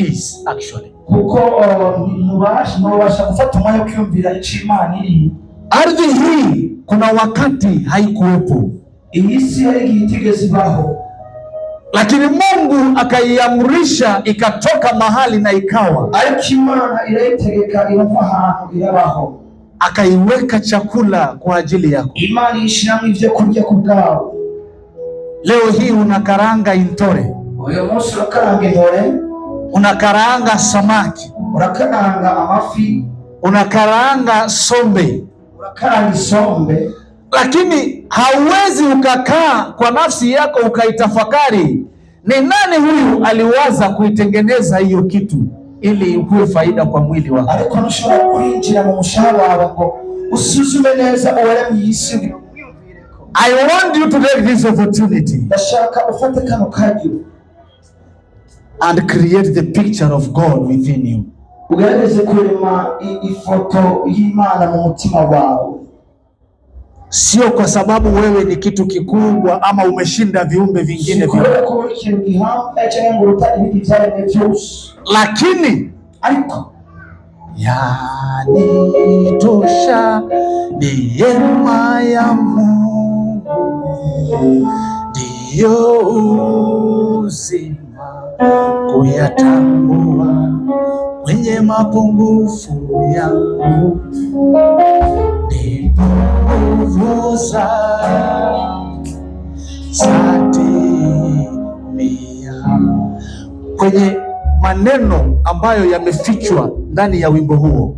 is actually kuko uh, mubasha gufata umwanya ukiyumvira icyo imana iri ardhi hii kuna wakati haikuwepo iyi si yari itigeze ibaho lakini Mungu akaiamrisha ikatoka mahali na ikawa ariko imana irayitegeka irava ahantu irabaho akaiweka chakula kwa ajili yako imana ishyiramo ibyo kurya ku bwawe leo hii unakaranga intore uyu munsi urakaranga intore unakaranga samaki, unakaranga amafi, unakaranga sombe, unakaranga sombe, lakini hauwezi ukakaa kwa nafsi yako ukaitafakari ni nani huyu aliwaza kuitengeneza hiyo kitu ili ikuwe faida kwa mwili wako. ariko ntushobora kuhinjira mu mushahara wawe ngo usuzume neza uwere mwisi I want you to take this opportunity. Ndashaka ufate kano kajyo and create the picture of God within you. ugerageze kurema ifoto y'Imana mu mutima wawe, sio kwa sababu wewe ni kitu kikubwa ama umeshinda viumbe vingine lakini lakini yanitosha ni neema ya Mungu ndiyo uzima kuyatambua, mwenye mapungufu yangu ni nguvu zatimia. Kwenye maneno ambayo yamefichwa ndani ya wimbo huo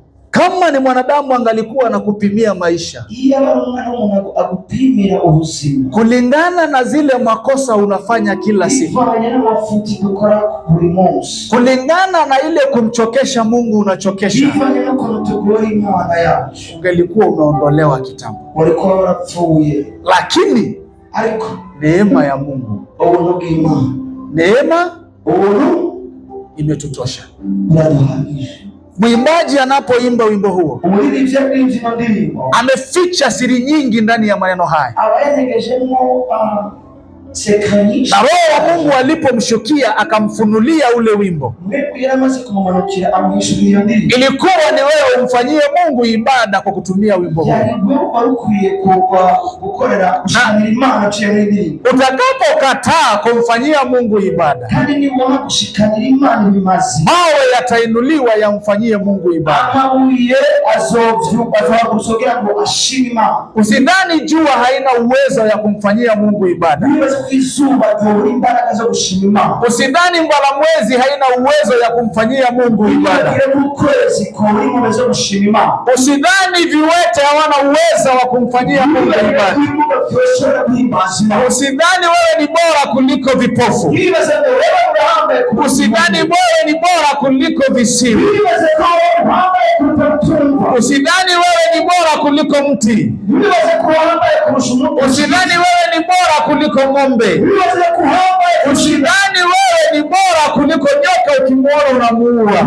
Kama ni mwanadamu angalikuwa anakupimia maisha kulingana na zile makosa unafanya kila siku, kulingana na ile kumchokesha Mungu unachokesha, ungelikuwa umeondolewa kitambo, lakini neema ya Mungu, neema imetutosha. Mwimbaji anapoimba wimbo huo ameficha siri nyingi ndani ya maneno haya na Roho wa Mungu alipomshukia akamfunulia ule wimbo. Ilikuwa ni wewe umfanyie Mungu ibada kwa kutumia wimbo huu. Utakapokataa kumfanyia Mungu ibada, mawe yatainuliwa yamfanyie Mungu ibada. Usidhani jua haina uwezo ya kumfanyia Mungu ibada. Usidhani mbwala mwezi haina uwezo ya kumfanyia Mungu ibada. Usidhani viwete hawana uwezo wa kumfanyia Mungu ibada. Usidhani wewe ni bora kuliko vipofu. Usidhani wewe ni bora kuliko visiwi. Usidhani wewe ni bora kuliko mti. Usidhani wewe ni bora kuliko ng'ombe. Ushindani wewe ni bora kuliko nyoka, ukimwona unamuua.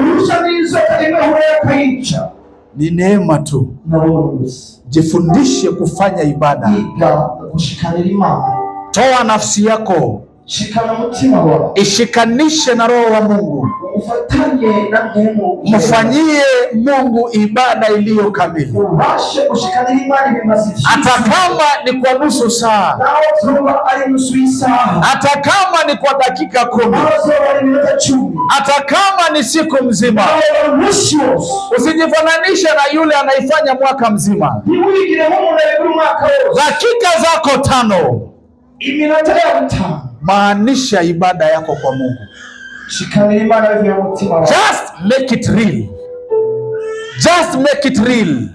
Ni neema tu. Jifundishe kufanya ibada, toa nafsi yako ishikanishe na Roho wa Mungu, mfanyie Mungu ibada iliyo kamili, hata kama ni kwa nusu saa, hata kama ni kwa dakika kumi, hata kama ni siku mzima. Usijifananishe na yule anaifanya mwaka mzima. Dakika zako tano maanisha ibada yako kwa Mungu. Just make it real. Just make it real.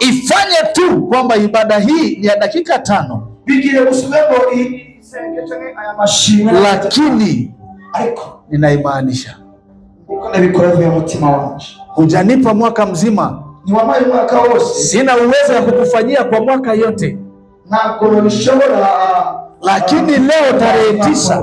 Ifanye tu kwamba ibada hii ni ya dakika tano, lakini ninaimaanisha. Hujanipa mwaka mzima, sina uwezo ya kukufanyia kwa mwaka yote na lakini leo tarehe tisa